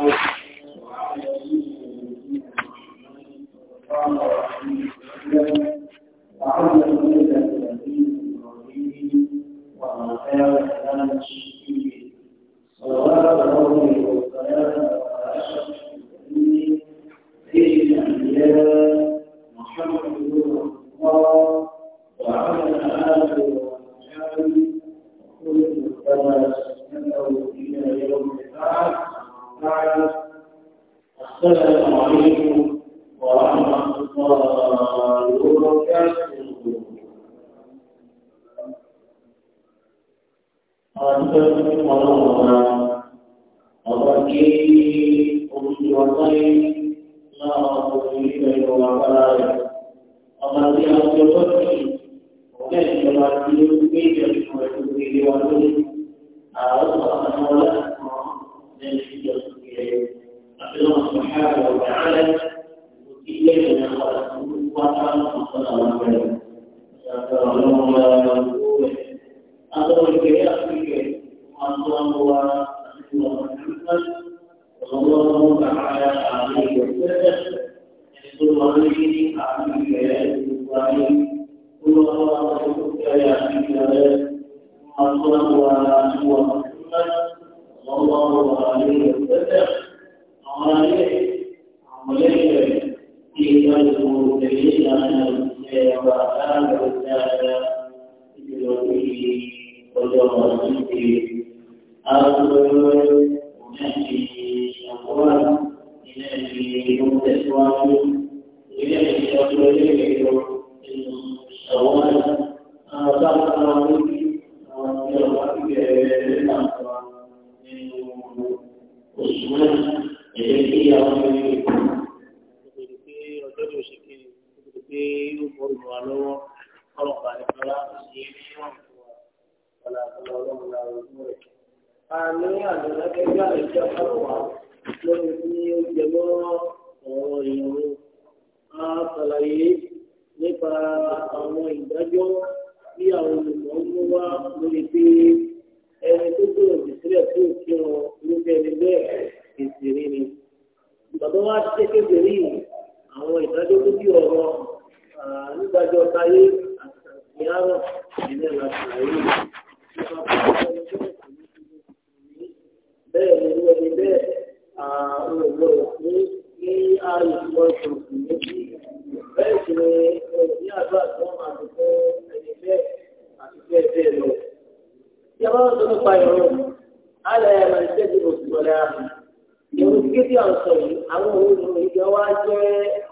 Lord. وبعد السلام عليكم ورحمة الله وبركاته أنتم ولولا أبكي أمي وطني لا أقول إليه ولا أبكي أمي وطني وكيف يبكي أمي وطني أعرف أن الله سبحانه وتعالى ìjọ káwà lórí ní ó jẹ mọ́ ọ̀rọ̀ ìrún a ṣàlàyé nípa àwọn ìdájọ́ bí àwọn olùkọ́ ń mú wá lórí pé ẹni tó gbé òbí sílẹ̀ tí ò kí wọn níbi ẹni bẹ́ẹ̀ ìṣeré irú gidi ọ̀sọ̀ yìí àwọn olùmọ̀ ìjọ wa jẹ́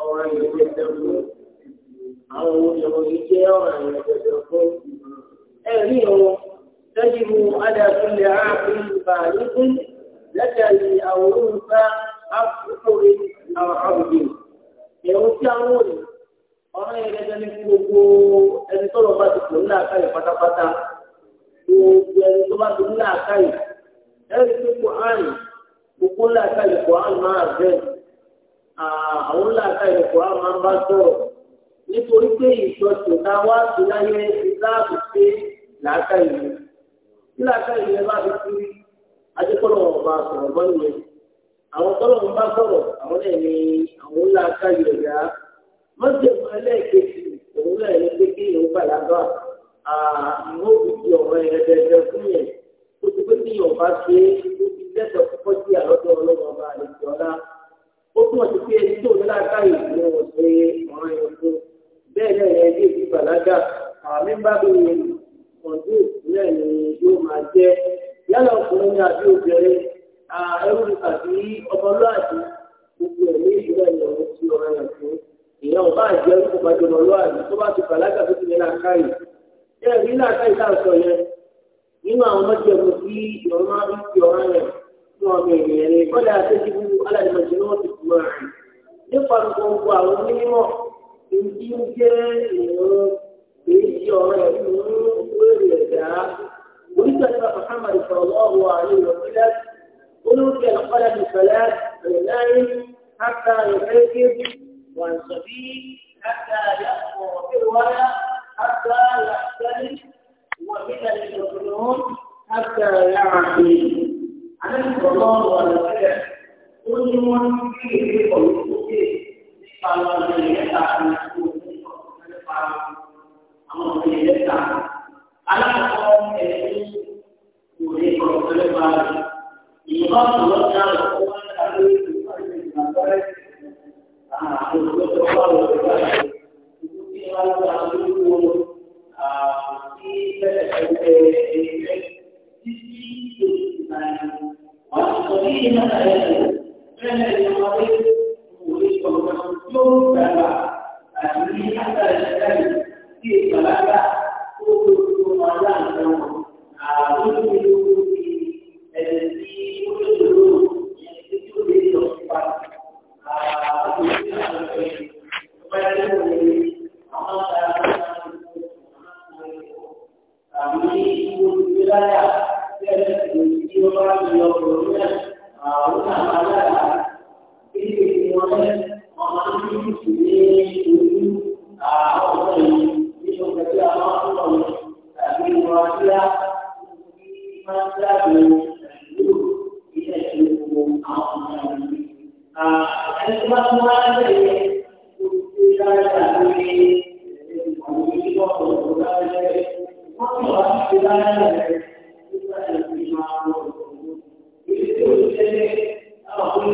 ọ̀ràn ìrẹsẹ̀ fún àwọn olùmọ̀ yìí jẹ́ ọ̀ràn ìrẹsẹ̀ fún ẹ̀rí ọ̀rọ̀ تجب على كل عاقل بالغ ذكر أو أنثى أفحر أو عبد يوتي أمور ọ̀rọ̀ yẹn gẹ́gẹ́ ní gbogbo ẹni tó lọ bá ti kò ní àkàyè pátápátá gbogbo ẹni tó bá ti ní àkàyè ẹni tó kò àyè gbogbo làákà ìlẹ̀kọ̀ á máa bẹ̀ àwọn làákà ìlẹ̀kọ̀ á máa bá sọ̀rọ̀ nítorí pé ìjọsìn náà wá sí láyé ìsáàbù pé làákà ìlẹ̀ tí làákà ìlẹ̀ bá fi kiri adékọ́lọ̀ ọba sọ̀rọ̀ mọ́ nìyẹn àwọn tọ́lọ̀ ń bá sọ̀rọ̀ àwọn náà ní àwọn làákà ìlẹ̀ yá mọ́tẹ́mọ́ ẹlẹ́ẹ̀kejì òun náà ní pé kí ìlú bàlágà ìwọ́n òbí ti ọ̀rọ̀ ẹ̀ẹ́dẹ̀ẹ̀dẹ̀ lẹ́sọ̀ kọ́kọ́ sí àlọ́dọ̀ ọlọ́wọ́ ọba àlejò ọlá ó túmọ̀ sí pé ẹni tó ní láàkáyè ni wọ́n ṣe ọ̀ràn yẹn fún bẹ́ẹ̀ náà yẹn bí èsì bàlágà àmì bá bí kọ̀ǹdù náà ni yóò máa jẹ́ yálà ọkùnrin ní àbí obìnrin ẹrú tàbí ọmọlúwàbí gbogbo ẹ̀mí ìṣúná ni ọ̀rọ̀ sí ọ̀ràn yẹn fún ìyẹn ọba àjẹ́ orúkọ bàjẹ́ ọmọlúwàbí tó bá ti bàlágà tó ti ní láàkáyè ẹ̀rí láàkáyè tá à ń sọ yẹn nínú àwọn ọmọdé ọmọ tí ìrọ̀rùn máa ń fi ọ̀ràn yẹn fún ọmọ ènìyàn ni kọ́lá àtẹ́jú aládìmọ̀jì náà ti fún ọ̀rọ̀ nípa gbogbo àwọn onímọ̀ ìdí ń jẹ́ ìrún èyí ọ̀rọ̀ ẹ̀fún lórí ẹ̀dá oníṣẹ́lẹ̀ Muhammad sallallahu alaihi wa حتى يحجب وعن صبي حتى يأمر حتى يختلف ومن المجنون حتى يعقل Anak tolong walau saya, kunjungan kiri politik di kalau mereka anak kunjungan ke depan, amal mereka. Anak kaum itu kuri ke depan. Ibu tuanya lakukan kali itu pada Ah, itu terlalu besar. ah, di sini di sini وعن قبيل ما لا يجوز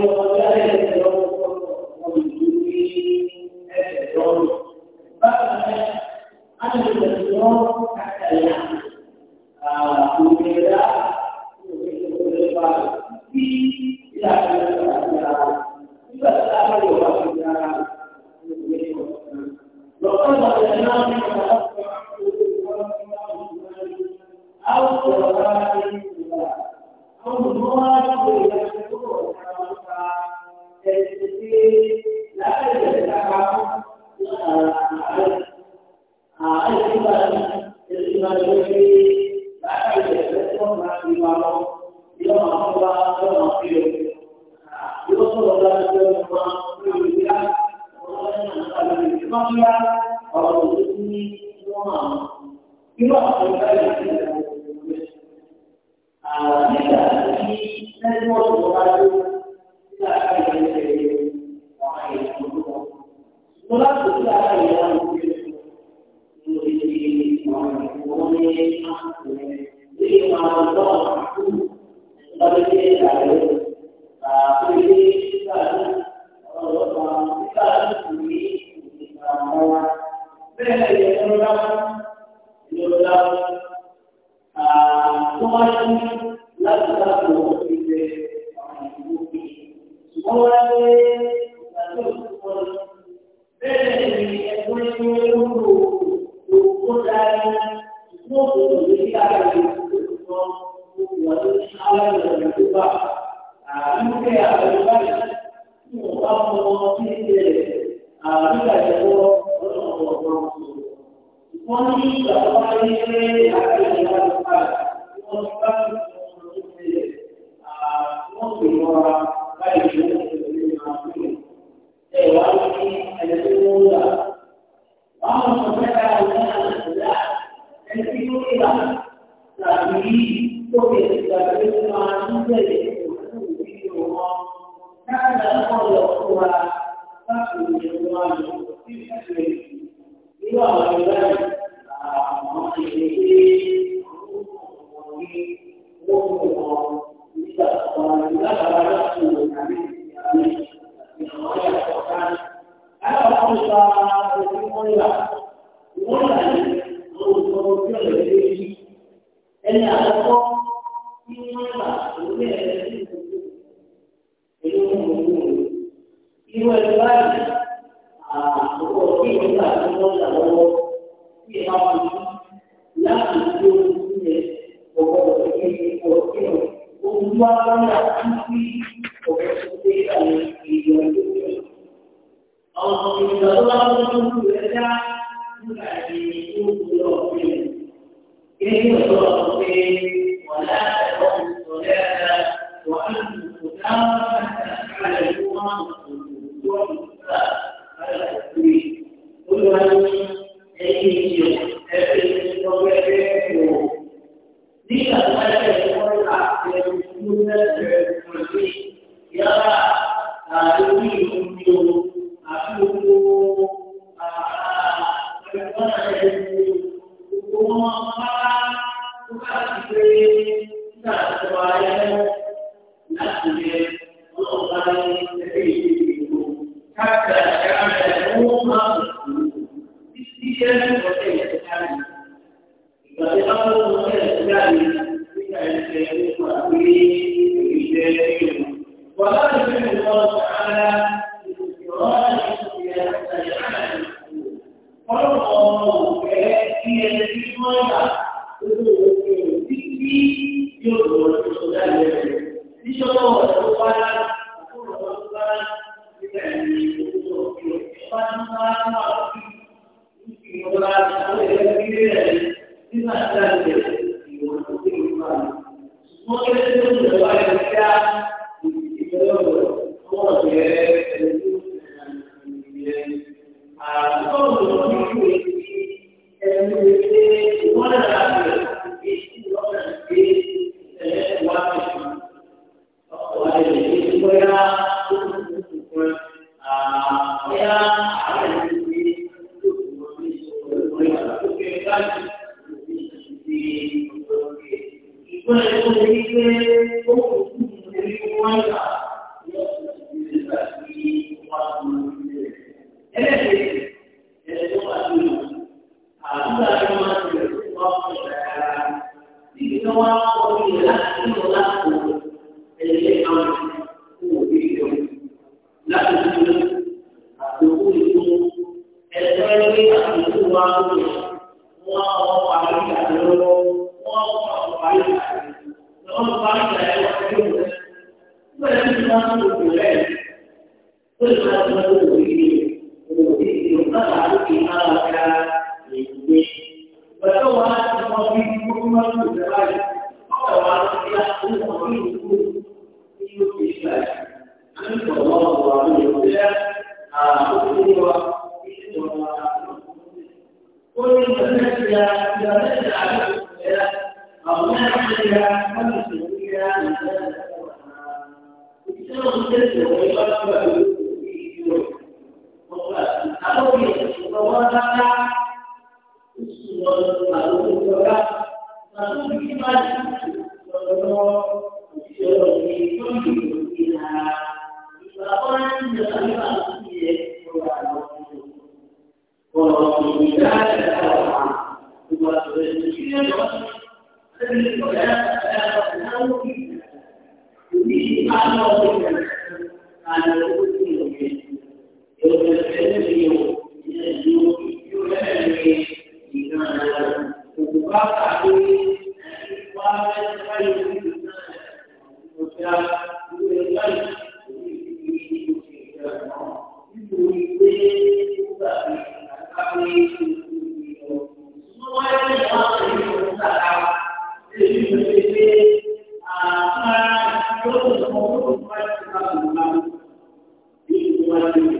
Hallelujah. pé Hola, الله mọ́tò rẹ̀ dá nígbà tí ó ń lọ sílẹ̀. Ilé ìwé ọ̀dọ́ ọ̀sẹ̀ Yeah. كل ما تقول wọ́n ti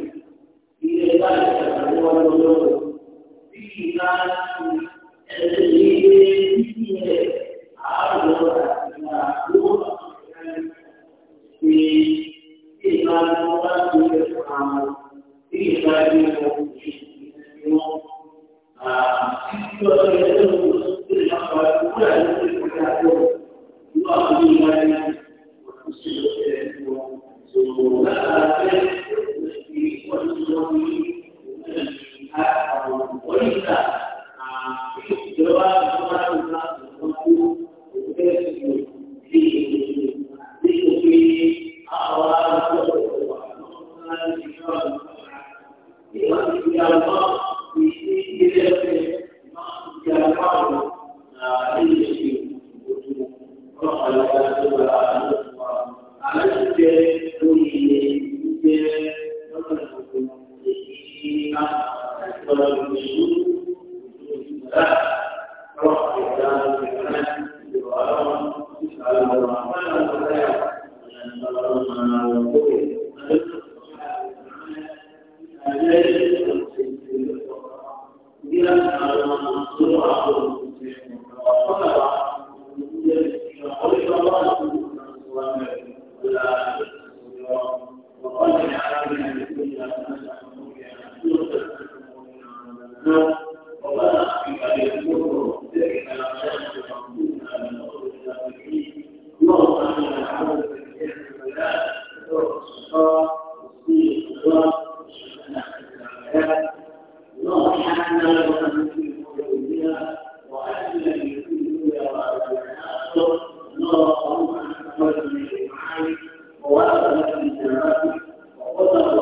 وقال على من الدنيا